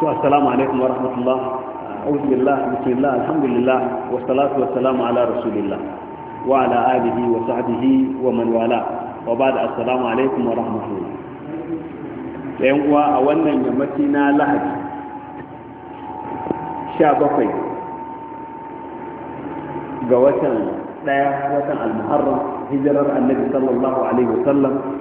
to assalamu alaikum wa rahmatullah a'udhu billah bismillah alhamdulillah wa salatu wa salamu ala rasulillah wa ala alihi wa sahbihi wa man wala wa ba'da assalamu alaikum wa rahmatullah da yan uwa a wannan yammaci na lahadi 17 ga watan daya watan al-muharram hijirar annabi sallallahu alaihi wa sallam.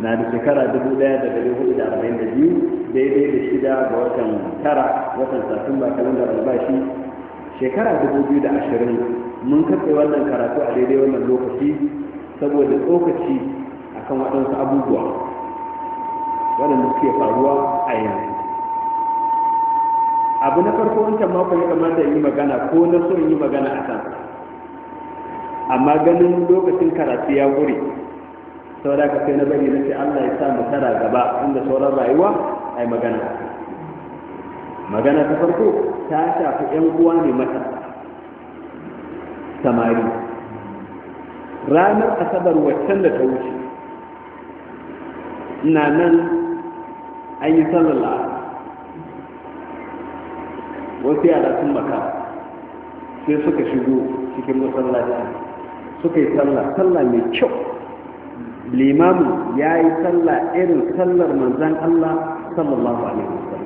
na da shekara 1442 daidai da shida ga watan tara watan satumba kalandar albashi shekara 2020 mun katse wannan karatu a daidai wannan lokaci saboda tsokaci a kan waɗansu abubuwa waɗanda suke faruwa a yanzu abu na farko wancan mako ya kamata yi magana ko na so yi magana a kan amma ganin lokacin karatu ya wuri sau da ka sai na bari na ce allah ya sa mu tara gaba inda sauran rayuwa ai magana magana ta farko ta shafi yan uwa ne mata samari ranar asabar waccan da ta wuce ina nan an yi sallallahu wasu yara sun maka sai suka shigo cikin masallaci suka yi sallah sallah mai kyau limamin ya yi sallah irin sallar manzan Allah sallallahu alaihi wasallam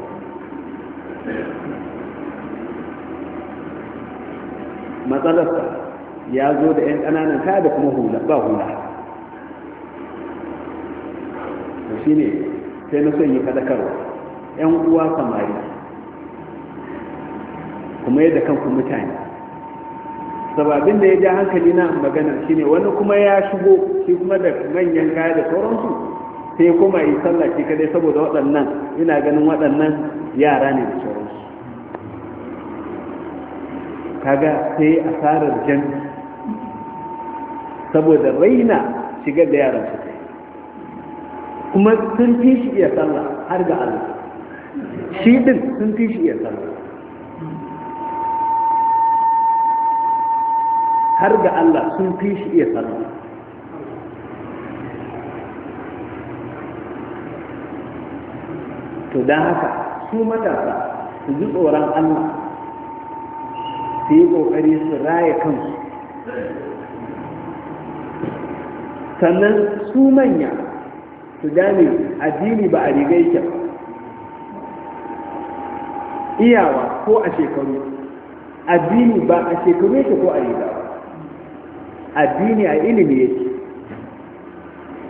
matsalarsa ya zo da 'yan ƙananan kaya da kuma hula ba hula shi ne sai na son yi faɗakarwa 'yan uwa samari kuma yadda kanku mutane sababin da ya ja hankali na magana shine wani kuma ya shigo shi kuma da manyan kaya da sauransu sai kuma yi sallah shi kadai saboda waɗannan ina ganin waɗannan yara ne da sauransu kaga sai asarar jan saboda raina shigar da yaran su kai kuma sun fi shi iya sallah har ga Allah shi din sun fi shi iya sallah har ga Allah sun fi shi iya sarrafa to don haka su matasa su ji tsoron Allah su yi ƙoƙari su raya kansu sannan su manya su gane addini ba a riga yake iyawa ko a shekaru addini ba a shekaru yake ko a riga ba addini a ilimi yake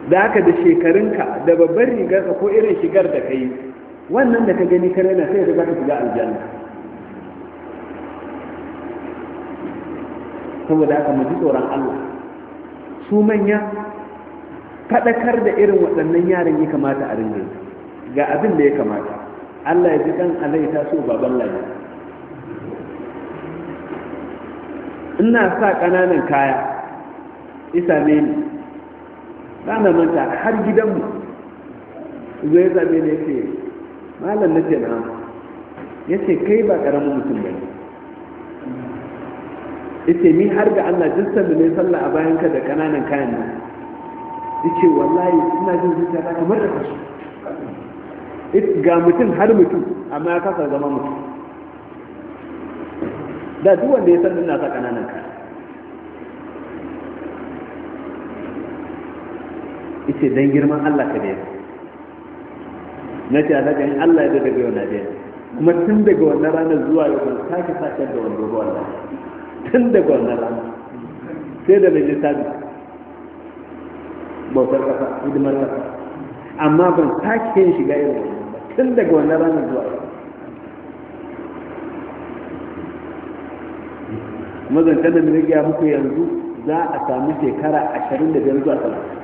da aka da shekarunka da babbar rigarka ko irin shigar da ka yi wannan da ka gani kare na sai da za ka shiga aljanna saboda haka mu ji tsoron Allah su manya faɗakar da irin waɗannan yaran ya kamata a rinjin ga abin da ya kamata Allah ya ji kan alai ta so baban lalle ina sa ƙananan kaya Isa same ni ba na manta har gidanmu zo ya same ne ya ce malam na ce na ya ce kai ba ƙaramin mutum ba ne ce ni har ga Allah duk sanda ne sallah a bayan ka da kananan kayan nan ce wallahi ina jin zuciya ta kamar da kashi ga mutum har mutum amma ya kasa zama mutum da duk wanda ya san na ta kananan kayan yace dan girman Allah ka daina na ce haka in Allah ya daga yau na daina kuma tun daga wannan ranar zuwa yau ban sake sake da wani gobe Allah tun daga wannan ranar sai da mai lissafi bautar kasa hidimar kasa amma ban sake yin shiga irin tun daga wannan ranar zuwa yau kanan da ya muku yanzu za a samu shekara ashirin da biyar zuwa talatin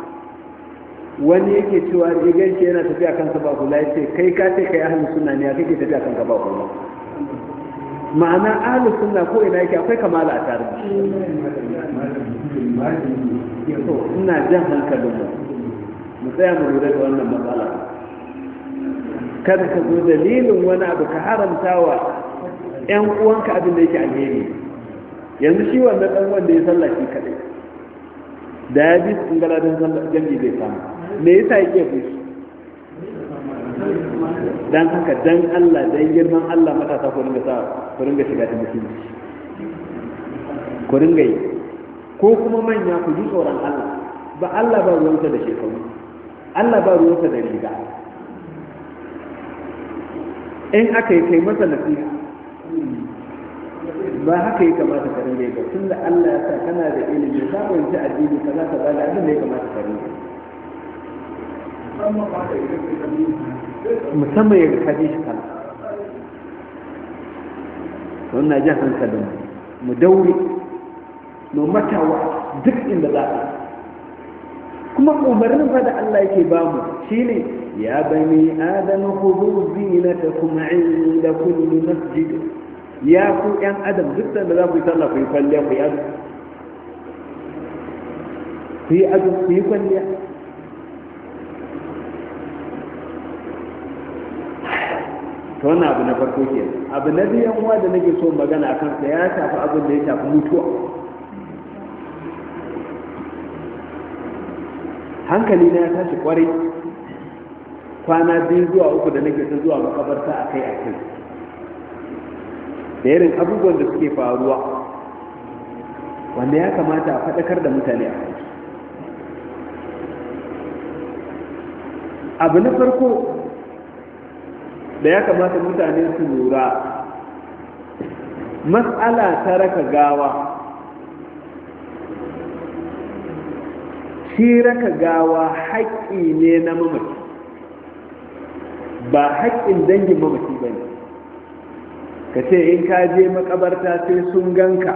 wani yake cewa ya ganshi yana tafiya kansa ba kula ya ce kai ka ce kai ahalin suna ne ya kake tafiya kanka ba kula ma'ana ahalin suna ko ina yake akwai kamala a tare da ina jan hankalin mu mu tsaya mu lura da wannan matsala kada ka zo dalilin wani abu ka haramtawa yan uwanka abin da yake alheri yanzu shi wannan ɗan wanda ya shi kaɗai. da ya bi sun gala don jami'i zai samu me yasa yake ke su dan haka dan Allah dan girman Allah matasa ku ringa sa ku ringa shiga da mutum. Ko ringa yi ko kuma manya ku ji tsoron Allah ba Allah ba ruwanta da shekaru Allah ba ruwanta da riga in aka yi kai masa nasiha ba haka ya kamata ka rinda ba tun da Allah ya sa kana da ilimi ka fahimci addini ka za ka ba da abin da ya kamata ka rinda musamman ya ka ji shi kala wannan jan hankalin mu daure mu matawa duk inda za a kuma umarnin fa da Allah yake ba mu shine ya bani adam khudhu zinatakum 'inda kulli masjid ya ku yan adam duk da za ku yi sallah ku yi kwalliya ku yi azumi ku yi azumi ku yi kwalliya ta wani abu na farko ke abu na biyan wa da nake so magana a kansa ya shafi abin da ya shafi mutuwa hankali na ya tashi kwarai kwana biyu zuwa uku da nake ta zuwa makabarta a kai a kai da irin abubuwan da suke faruwa wanda ya kamata a faɗakar da mutane a kai abu na farko da ya kamata mutane su lura matsala ta raka gawa shi raka gawa haƙƙi ne na mamaki, ba haƙƙin dangin mamaki ba ne ka ce in ka je makabarta sai sun ganka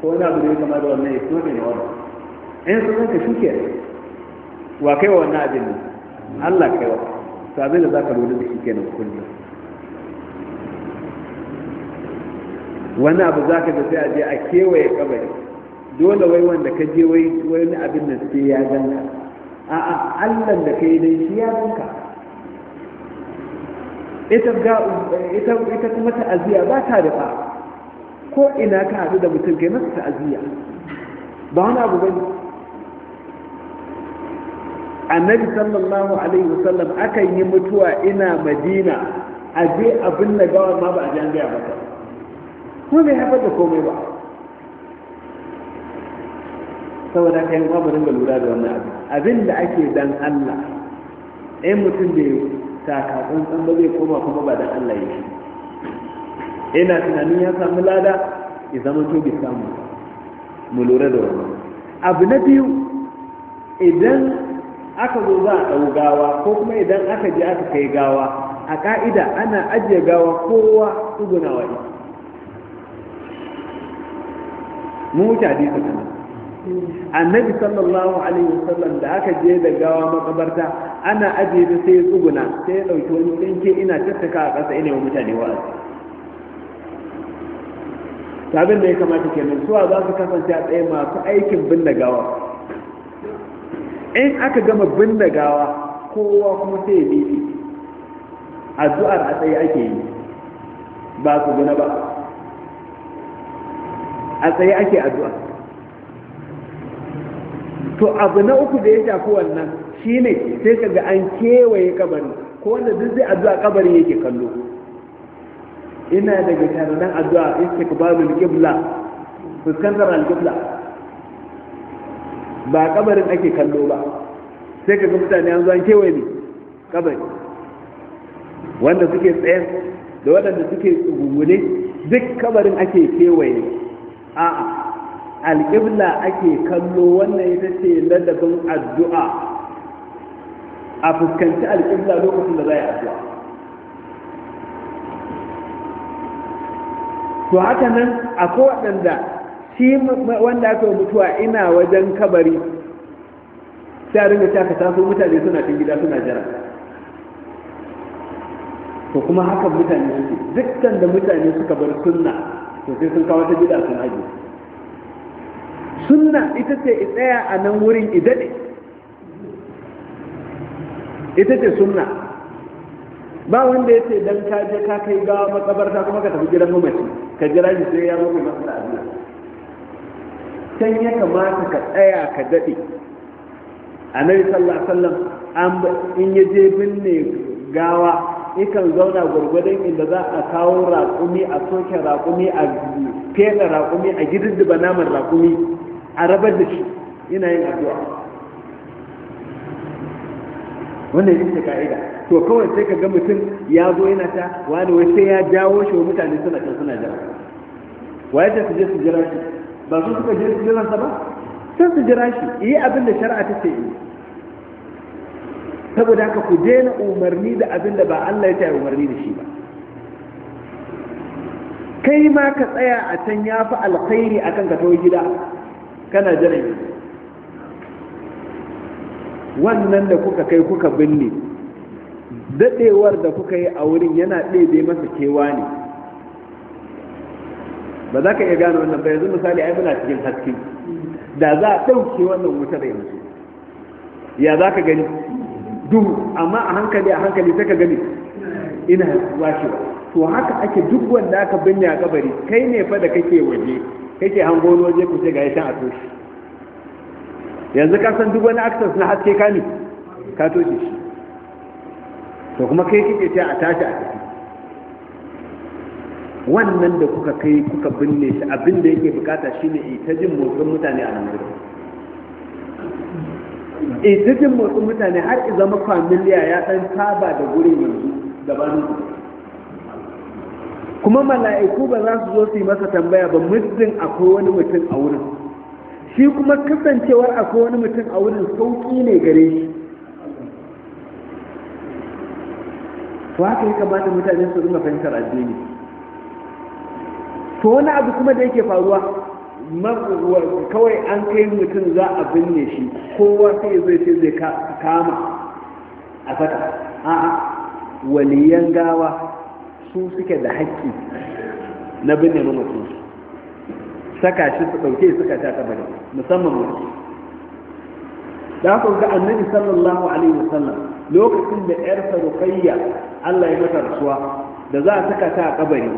ko na abu da ya kama da wannan ya kuma ne wani in sun ganka shi ke wa kai wa wannan abin ne Allah kai wa to abin da za ka lura da shi ke na kullum wani abu za ka da sai a je a kewaye kabari dole wai wanda ka je wai wani abin da sai ya ganka a'a Allah da kai dai shi ya ganka ita kuma ta'aziyya ba ta rufa ko ina ka haɗu da mutum kai masa ta'aziyya ba wani abu bane annabi sallallahu alaihi wasallam akan yi mutuwa ina madina a je abin na gawar ma ba a ji an gaya ba kuma bai haifar da komai ba saboda kai yi ba ringa lura da wannan abu abin da ake dan allah ɗayan mutum da ya taka tsantsan ba zai koma kuma ba da Allah ya shi ina tunanin ya samu lada ya zama to bi samu mu lura da wannan abu na biyu idan aka zo za a ɗau gawa ko kuma idan aka je aka kai gawa a ka'ida ana ajiye gawa kowa tsugunawa ita mu wuce hadisa kana annabi sallallahu alaihi wasallam da aka je da gawa makabarta ana ajiye da sai tsuguna sai ya ɗauki wani tsinke ina tattaka a ƙasa ina wa mutane wa'azi sabin da ya kamata nan suwa za su kasance a tsaye masu aikin gawa. in aka gama gawa kowa kuma sai ya bibi addu'ar a tsaye ake yi ba su guna ba a tsaye ake addu'a to abu na uku da ya shafi wannan Shi ne sai ka ga an kewaye kabarin, ko wanda duk zai addu'a kabari yake kallo ina daga nan addu'a al qibla fuskantar al-qibla ba kabarin ake kallo ba sai ka ga mutane an zo an kewaye ne kabari wanda suke tsaye da waɗanda suke tsugugune duk kabarin ake kewaye a'a alƙibla ake kallo wannan ita ce ladabin addu'a a fuskanci alƙibla lokacin da za a addu'a to haka nan akwai waɗanda shi wanda aka yi mutuwa ina wajen kabari sai a ringa ta ka taso mutane suna cin gida suna jira to kuma haka mutane suke dukkan da mutane suka bar sunna to sai sun kawo ta gida sun ajiye sunna ita ce tsaya a nan wurin idade ita ce sunna ba wanda ya ce dan ka je ka kai gawa makabarta kuma ka tafi gidan mamaci ka jira shi sai ya rufe masa da can ya kamata ka tsaya ka daɗe annabi sallallahu alaihi wasallam in ya je binne gawa ikan zauna gwargwadon inda za a kawo raƙumi a soke raƙumi a fela raƙumi a gididdiba naman raƙumi a rabar da shi ina yin addu'a wannan ita ka'ida to kawai sai ka ga mutum ya zo yana ta wani wai sai ya jawo shi wa mutane suna can suna jira wa yadda su je su jira shi ba su suka je su jira sa ba sai su jira shi yi abin da shari'a ta ce yi saboda haka ku daina umarni da abin da ba Allah ya ta umarni da shi ba kai ma ka tsaya a can ya fi alkhairi akan ka tawo gida kana jiran wannan da kuka kai kuka binne daɗewar da kuka yi a wurin yana ɗebe masa kewa ne ba za ka iya gano wannan ba yanzu misali ai muna cikin haske da za a ɗauke wannan wuta da yanzu ya za ka gani duhu amma a hankali a hankali ta ka gani ina washewa to haka ake duk wanda aka binne a kabari kai ne fa da kake waje kake hangon waje ku ce ga yi can a toshi yanzu ka san duk wani access na haske ka ne ka toke shi to kuma kai kike ce a tashi a tafi wannan da kuka kai kuka binne shi abin da yake bukata shine ita jin motsin mutane a nan gurin ita jin motsin mutane har i zama familiya ya dan saba da gurin yanzu gabanin ku kuma mala'iku ba za su zo su yi masa tambaya ba muddin akwai wani mutum a wurin shi kuma kasancewar akwai wani mutum a wurin sauƙi ne gare shi to haka ya kamata mutane su rinka fahimtar addini to wani abu kuma da yake faruwa kawai an kai mutum za a binne shi kowa sai zai ce zai kama a saka a'a waliyan gawa su suke da haƙƙi na binne mamacin saka shi su ɗauke su ka ta kabari musamman mu da ku ga annabi sallallahu alaihi wasallam lokacin da yarsa ruqayya Allah ya mata rasuwa da za ta saka ta a kabari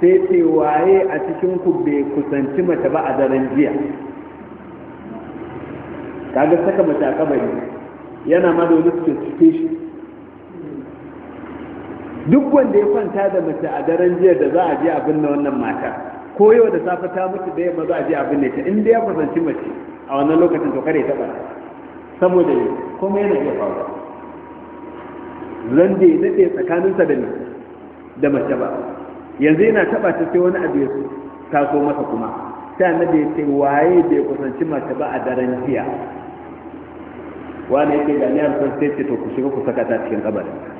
sai ce waye a cikin ku bai kusanci mata ba a daren jiya kaga saka mata a kabari yana ma da wani shi. duk wanda ya kwanta da mace a daren jiya da za a je abin na wannan mata ko yau da safe ta mutu da yamma za a je abin da ta in da ya kusanci mace a wannan lokacin to kare taɓa saboda ne kuma yana iya faruwa zan da ya daɗe tsakaninsa da ni da mace ba yanzu yana taɓa ta sai wani abu ya taso masa kuma sai da ya ce waye ya kusanci mace ba a daren jiya wani ya ce ga ni sai ce to ku shiga ku saka ta cikin kabarin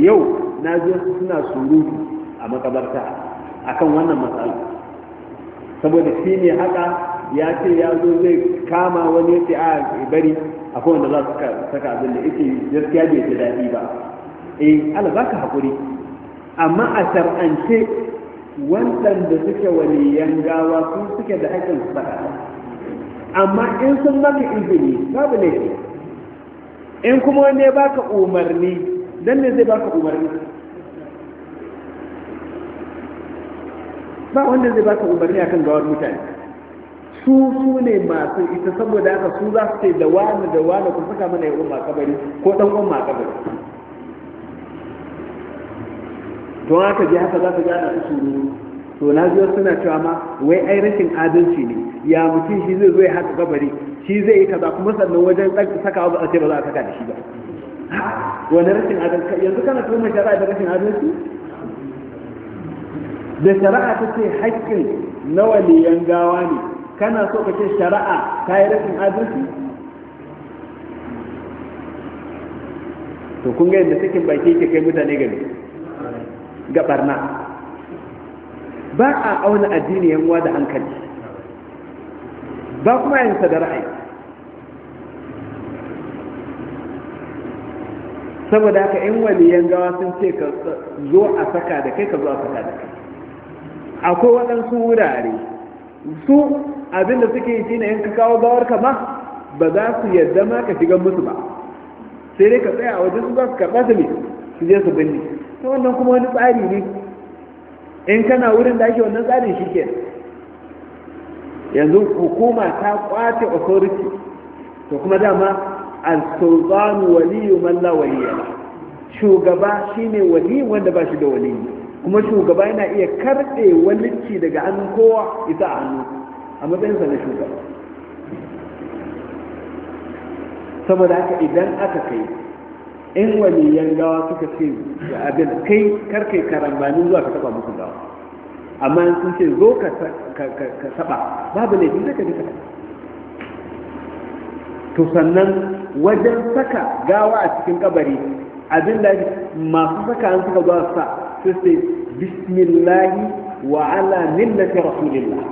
yau na ji suna surutu a makabarta akan wannan matsala saboda shi ne haka ya ce ya zo zai kama wani ya ce a bari akwai wanda za su saka abin da yake gaskiya bai ji daɗi ba eh ala baka hakuri amma a shar'ance waɗanda suke wani yangawa sun suke da haƙƙin su saka amma in sun maka izini babu laifi in kuma wani ya baka umarni dan ne zai baka umarni ba wanda zai baka umarni akan gawar mutane su su ne masu ita saboda haka su za su ce da wani da wani ku saka mana yawon ma kabari ko dan wani ma kabari don haka ji haka za su gana su suru to na zuwa suna cewa ma wai ai rashin adalci ne ya mutum shi zai zo ya haka kabari shi zai yi kaza kuma sannan wajen sakawa ba a ce ba za a saka da shi ba wani rashin adalci yanzu kana mai shari'a da rashin adalci da shari'a ta ce haƙƙin na waliyan gawa ne kana so ka ce shari'a ta yi rashin adalci to kun ga yadda sakin baki ke kai mutane gari ga barna ba a auna addini yan da hankali ba kuma yin sa da ra'ayi saboda haka in waliyan gawa sun ce ka zo a saka da kai ka zo a saka da kai akwai waɗansu wurare su abin da suke yi shine in ka kawo gawar ka ma ba za su yadda ma ka shiga musu ba sai dai ka tsaya a wajen su za su karɓa su ne su je su binne ta wannan kuma wani tsari ne in kana wurin da ake wannan tsarin shi ke yanzu hukuma ta kwace authority to kuma dama al-sultanu waliyu man la waliya shugaba shine wali wanda ba shi da wali kuma shugaba yana iya karbe walici daga hannun kowa ita a hannu a matsayinsa na shugaba saboda haka idan aka kai in waliyan gawa suka ce ga abin kai karkai karambani zuwa ka taba musu gawa amma sun ce zo ka taba babu laifin zaka ji ka taba to sannan wajen saka gawa a cikin kabari abin da masu saka an suka zuwa sa su ce bismillahi wa ala millati rasulillah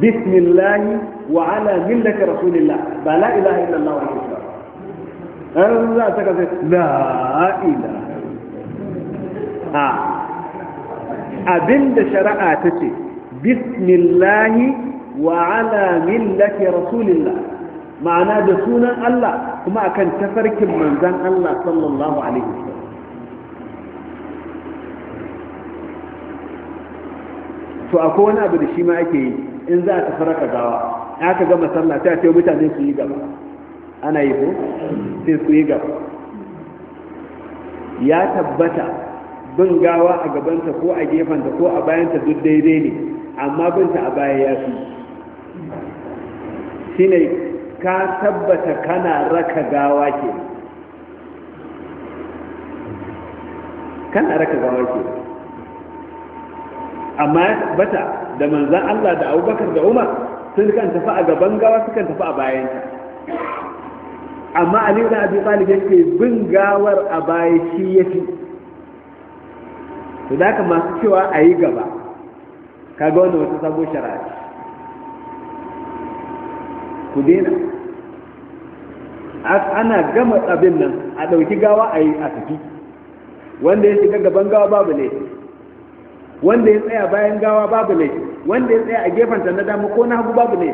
bismillahi wa ala millati rasulillah ba la ilaha illallah wa rasulullah an za a saka sai la ilaha a ah. abin da shari'a ta ce bismillahi wa ala millati rasulillah ma'ana da sunan Allah kuma akan tafarkin manzan Allah sallallahu alaihi wasallam to akwai wani abu da shi ma ake yi in za a tafi gawa gawa ka gama sallah ta ce mutane su yi gaba ana yi ko sai su yi gaba ya tabbata bin gawa a gabanta ko a gefanta ko a bayanta duk daidai ne amma binta a baya ya fi shine ka tabbata kana raka gawa ke kana raka gawa ke amma bata da manzan Allah da abubakar da umar sun kan tafi a gaban gawa su kan tafi a bayanta amma aliyu na abi talib yake bin gawar a baya shi ya fi to da masu cewa a yi gaba kaga wanda wata sabo shari'a ku daina ana gama abin nan a ɗauki gawa a yi a tafi wanda ya shiga gaban gawa babu ne wanda ya tsaya bayan gawa babu ne wanda ya tsaya a gefenta na dama ko na hagu babu ne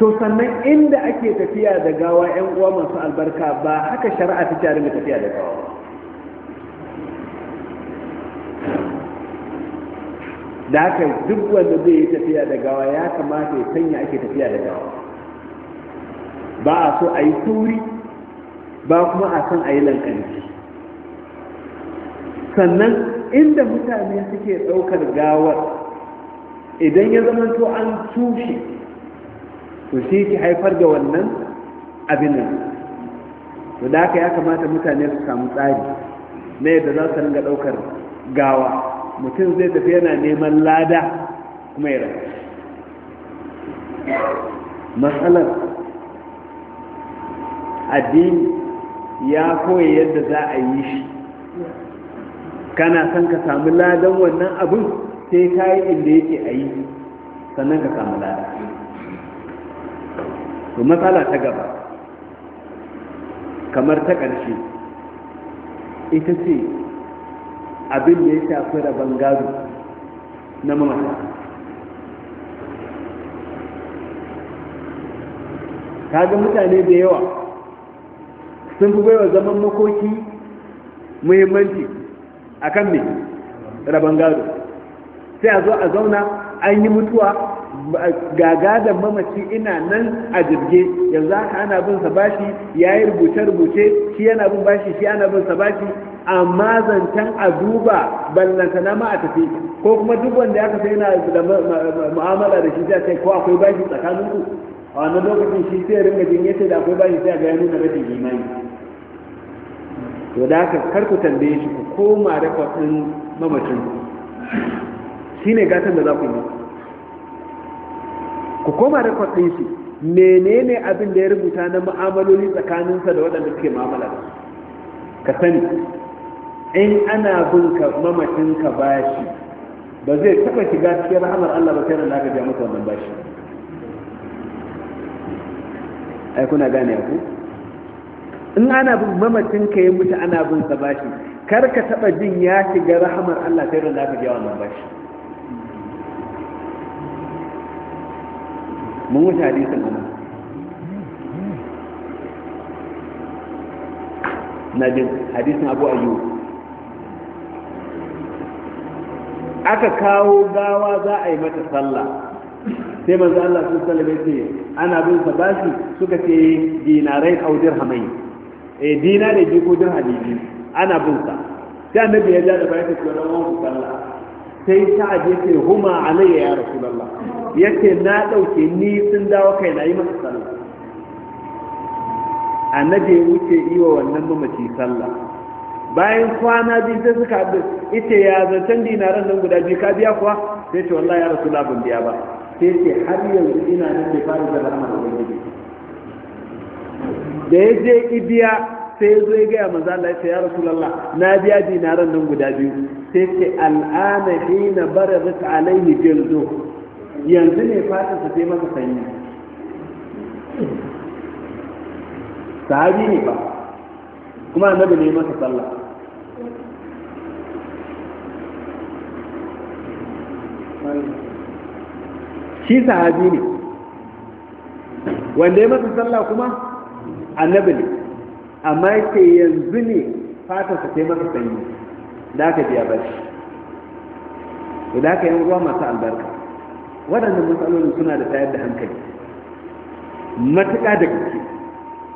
to sannan inda ake tafiya da gawa 'yan uwa masu albarka ba haka shari'a ta tare tafiya da gawa da haka duk wanda zai yi tafiya da gawa ya kamata ya sanya ake tafiya da gawa ba a so a yi sauri ba kuma a san a yi lankanci sannan inda mutane suke ɗaukar gawar idan ya zama to an tushe to shi ke haifar da wannan abin nan to da haka ya kamata mutane su samu tsari na yadda za su ringa ɗaukar gawa mutum zai tafi yana neman lada kuma ya rasu matsalar addini ya koya yadda za a yi shi kana son ka samu ladan wannan abin sai ka yi inda yake a yi sannan ka samu lada to matsala ta gaba kamar ta ƙarshe ita ce abin da ya shafi rabon gado na mamata kaga mutane da yawa sun fi baiwa zaman makoki muhimmanci a kan mai rabon gado sai a zo a zauna an yi mutuwa gaga da mamaci ina nan a jirge yanzu haka ana bin sa bashi ya yi rubuce-rubuce shi yana bin bashi shi ana bin sa bashi amma zancen a duba ballanta na ma a tafi ko kuma duk wanda ya kasa yana da mu'amala da shi ta kai ko akwai bashi tsakanin ku a wannan lokacin shi sai ringa jin yace da akwai bashi sai ga ya nuna rashin imani to da haka kar ku tambaye shi ku koma da kwatsin mamacin ku shine gatan da za ku yi ku koma da kwatsin shi menene abin da ya rubuta na mu'amaloli tsakaninsa da waɗanda suke mu'amala da su ka sani in ana bin ka mamacin ka bashi ba zai taba shiga cikin rahamar Allah ba sai Allah ka biya maka wannan bashi ai kuna gane ku in ana bin mamacin ka ya mutu ana bin sa bashi kar ka taba jin ya shiga rahamar Allah sai Allah ka biya wannan bashi mun wuce hadisin nan. na jin hadisin Abu Ayyub aka kawo gawa za a yi mata sallah sai manzo Allah sun sallame ce ana bin sa bashi suka ce dinarai au dirhamai eh dinare bi ko dirhami bi ana bin sa sai annabi ya ja da bayan ta ran wannan sallah sai ta aje ce huma alayya ya rasulullah yace na dauke ni sun dawo kai na yi masa sallah annabi ya wuce iwa wannan mamaci sallah bayan kwana biyu sai suka haɗu ita ya zancen dinaran nan guda biyu ka biya kuwa sai ce wallahi ya rasu labin biya ba sai ce har yanzu ina nan bai fara da rahama da ubangiji da ya je ibiya sai ya zo ya gaya maza Allah ya ce ya rasu lalla na biya dinaran nan guda biyu sai ce al'ana hina bara ta alaihi jirzo yanzu ne fata su sai masa sanyi sahabi ne ba kuma annabi ne masa sallah shi sahabi ne wanda ya masa sallah kuma annabi ne amma yake yanzu ne fatarsa ta yi masa sanyi da aka biya bashi da aka yi ruwa masu albarka waɗannan matsalolin suna da tayar da hankali matuƙa da gaske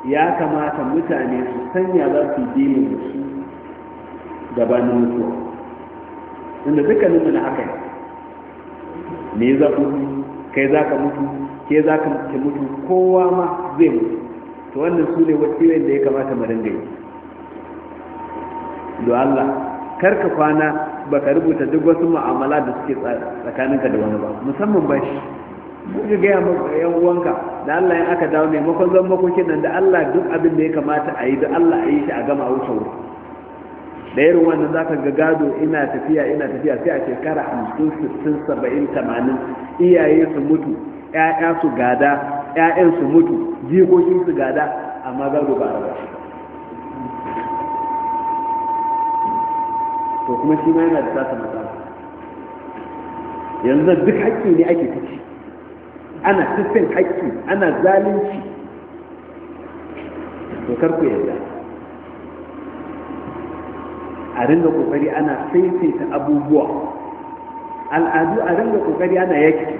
ya kamata mutane su sanya za su yi da su gabanin mutuwa inda dukkaninmu na haka yi ne ku mutu kai za ka mutu ke za ka mutu kowa ma zai mutu to wannan su ne wasiyoyin da ya kamata mu dinga yi do Allah kar ka kwana ba ka rubuta duk wasu mu'amala da suke tsakaninka da wani ba musamman ba shi kuka gaya maka yan uwanka da Allah in aka dawo ne makon zan makokin nan da Allah duk abin da ya kamata a yi da Allah a yi shi a gama a wuce wurin da irin wannan za ka ga gado ina tafiya ina tafiya sai a shekara 50 sittin saba'in tamanin iyaye su mutu ‘ya'ya su gada ‘ya'yan su mutu jikokin su gada amma gado ba a raba to kuma shi ma yana da sata matsala yanzu duk haƙƙi ne ake fice ana tafin haƙƙi ana zalunci to kar ku a ringa kokari ana saisaita abubuwa al'adu a ringa kokari ana yaki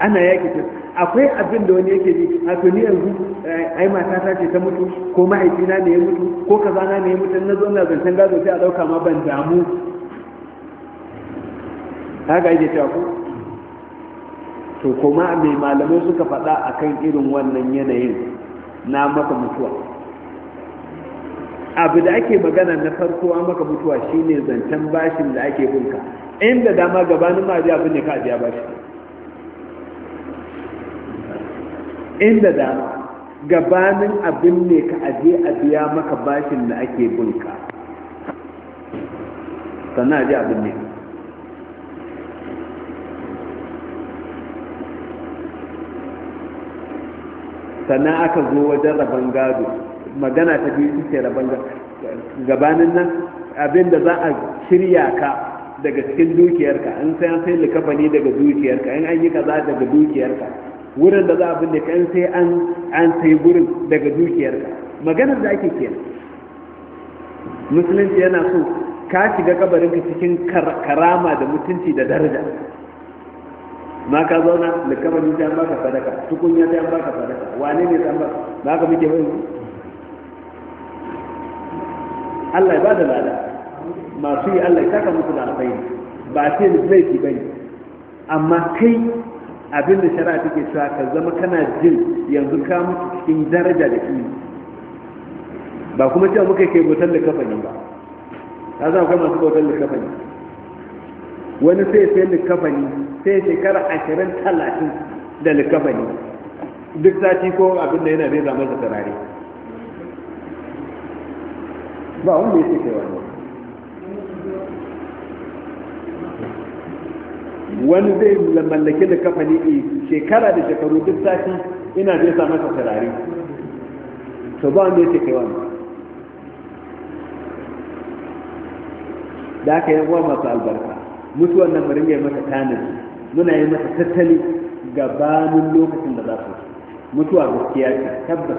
ana yaki akwai abin da wani yake ji a tuni yanzu eh, ai mata ta ce ta mutu ko mahaifina ne ya mutu ko kazana ne ya mutu na zo na zancen gado sai a dauka ma ban damu haka yake cewa ko to kuma mai malamai suka faɗa akan irin wannan yanayin na maka mutuwa abu da ake magana na farko an maka mutuwa shine zancen bashin da ake bunka inda dama gabanin ma zai abin ne ka ajiya bashi inda dama gabanin abin ne ka aje a biya maka bashin da ake bunka sannan aje abin ne sannan aka zo wajen rabon gado magana ta biyu ita rabon gabanin nan abin da za a shirya ka daga cikin dukiyarka an sai an sai likafa ne daga dukiyarka in an yi kaza daga dukiyarka wurin da za a bin da kan sai an an sai gurin daga dukiyarka maganar da ake kenan musulunci yana so ka shiga kabarin ka cikin karama da mutunci da daraja ma ka zauna kamar yi ta an baka sadaka tukunya ta an baka sadaka wane ne ta an baka ba ka muke bai Allah ya bada lada masu yi Allah ya saka musu da alfai ba ce laifi bane amma kai abin da ta take cewa ka zama kana jin yanzu ka mutu cikin daraja da ilimi ba kuma cewa muka kai bautar da kafani ba ta zama kai masu bautar da kafani wani sai sai likafani sai shekara ashirin talatin da likafani duk sati ko abin da yana zama da tarare ba wanda yake kai wannan wani zai mallake da ne a shekara da shekaru duk sati ina zai sa masa turare to ba wanda yake kai wani da aka yi wa masu albarka mutu wannan murin yi masa tanadi muna yi masa tattali gabanin lokacin da za su mutuwa gaskiya ce tabbas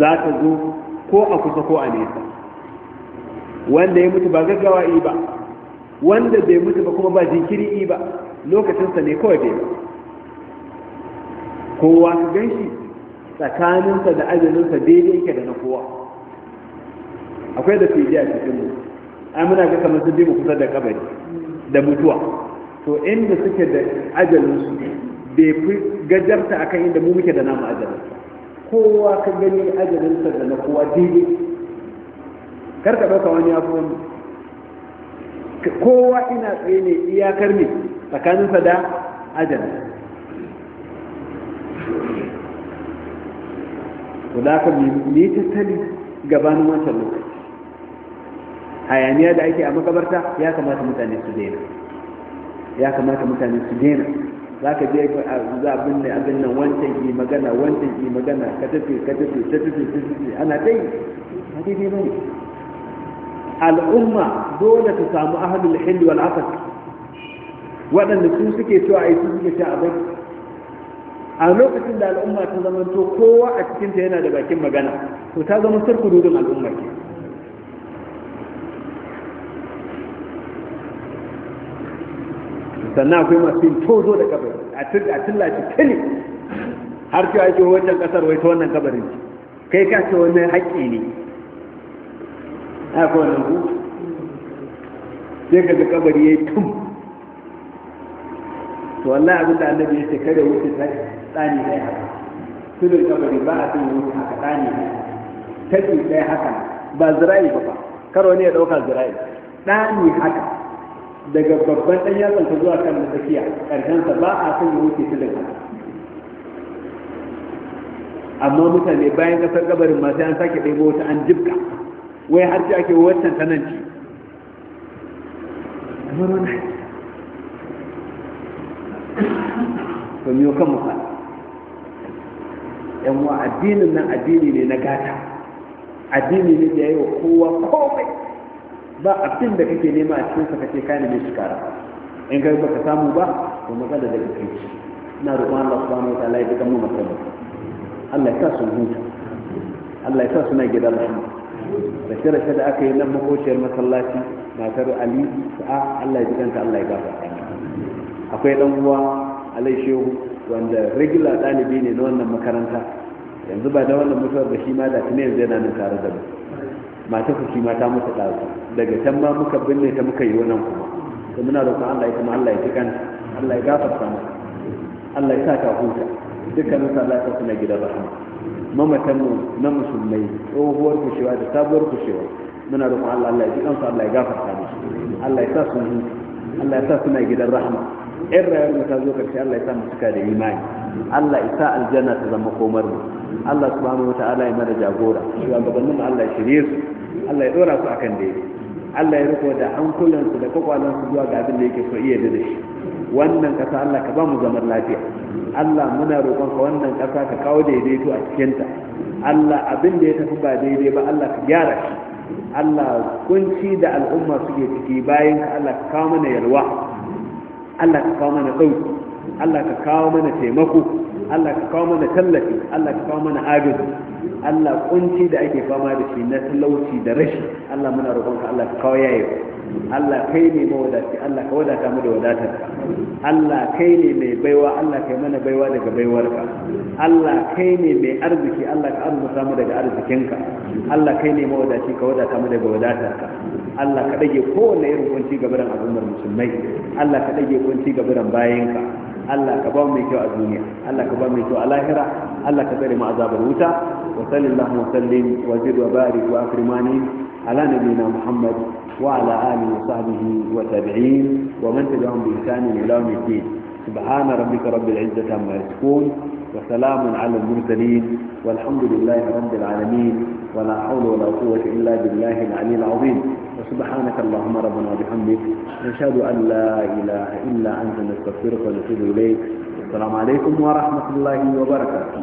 za ta zo ko a kusa ko a nesa wanda ya mutu ba gaggawa yi ba wanda bai mutu ba kuma ba jinkiri yi ba lokacinsa ne kawai bai ba kowa ka gan shi tsakaninsa da ajalinsa daidai yake da na kowa akwai da fiye a cikin mu ai muna ga kamar sun bi mu kusa da kabari da mutuwa to inda suke da ajalinsu bai fi gajarta akan inda mu muke da namu ajalinsu kowa ka gani ajalinsa da na kowa daidai kar ka ɗauka wani abu wani kowa ina tsaye ne iyakar ne tsakaninsa da ajalin da aka me ta sani gabanin wancan lokaci hayaniya da ake a makabarta ya kamata mutane su daina ya kamata mutane su daina za ka je za a binne abin nan wancan yi magana wancan yi magana ka tafi ka tafi ta tafi ta tafi ana dai ba daidai ba ne al'umma dole ta samu ahadul hilli wal afat waɗanda su suke cewa a yi su suke cewa a bai a lokacin da al'umma ta zamanto kowa a cikinta yana da bakin magana to ta zama sarkududin al'umma ke sannan akwai masu yin tozo da kabari a tillaci tili har cewa ake wancan kasar wai ta wannan kabarin kai ka ce wannan haƙƙi ne akwai wannan ku sai ka ga kabari ya yi tum to wallah abin da annabi ya ce kada wuce tsani ɗaya haka tudun kabari ba a tun wuce haka tsani ɗaya tafi ɗaya haka ba zira'i ba ba karo ne ya ɗauka zira'i ɗani haka daga babban ɗan yatsan ka zuwa kan tsakiya ƙarshensa ba a son ya wuce su daga amma mutane bayan ƙasar gabarin masu an sake ɗaya wata an jibka wai har ce ake wannan tanan ci kamar wani kan mu yan wa addinin nan addini ne na gata addini ne da ya yi wa kowa komai ba abin da kake nema a cikin sa kace ka mai shikara in kai baka samu ba to matsala da kake ci ina roƙon Allah subhanahu wa ta'ala ya duka mu matsala Allah ya sa su huta Allah ya sa suna gidan rahama da shi da aka yi nan makociyar masallaci matar Ali sa'a Allah ya jikanta Allah ya gafarta akwai dan uwa Alai Shehu wanda regular ɗalibi ne na wannan makaranta yanzu ba da wannan mutuwar da shi ma da tuni yanzu yana nan tare da mu matar su ma ta mutu ɗazu daga can ma muka binne ta muka yi wannan kuma to muna roƙon Allah ya kuma Allah ya ji Allah ya gafarta mu Allah ya sa ta huta dukkanin sa Allah ya sa na gidan rahama mamatan mu na musulmai tsohuwar kushewa da sabuwar kushewa muna roƙon Allah Allah ya ji su Allah ya gafarta mu Allah ya sa su huta Allah ya sa suna gidan rahama in rayuwar mu ta zo karshe Allah ya sa mu cika da imani Allah ya sa aljanna ta zama komar mu Allah subhanahu wataala ya mana jagora shugabannin Allah ya shirye su Allah ya dora su akan daidai Allah ya riko da hankulansu da kwakwalansu zuwa ga abin da yake so iya da shi wannan kasa Allah ka ba mu zaman lafiya Allah muna roƙon ka wannan kasa ka kawo daidaito a cikinta Allah abin da ya tafi ba daidai ba Allah ka gyara shi Allah kunci da al'umma suke ciki bayan ka Allah ka kawo mana yalwa Allah ka kawo mana ɗauki Allah ka kawo mana taimako Allah ka kawo mana tallafi Allah ka kawo mana agaji Allah kunci da ake fama da shi na talauci da rashi Allah muna roƙonka Allah ka kawo yayi Allah kai ne mawadaci Allah ka wadata mu da wadatar Allah kai ne mai baiwa Allah kai mana baiwa daga baiwarka Allah kai ne mai arziki Allah ka arzuta mu daga arzikinka Allah kai ne mawadaci ka wadata mu daga wadatarka Allah ka dage kowanne irin kunci gaban al'ummar musulmai Allah ka dage kunci gaban bayinka Allah ka ba mu mai kyau a duniya Allah ka ba mu mai kyau a lahira Allah ka tsare mu azabar wuta wa sallallahu wa sallim wa zid wa barik wa akrimani ala nabiyina Muhammad wa ala alihi wa sahbihi wa tabi'in wa man tabi'ahum bi ihsan ila yawm الدين سبحان ربك رب العزة عما يصفون وسلام على المرسلين والحمد لله رب العالمين ولا حول ولا قوة إلا بالله العلي العظيم سبحانك اللهم ربنا وبحمدك نشهد أن لا إله إلا أنت نستغفرك ونتوب إليك السلام عليكم ورحمة الله وبركاته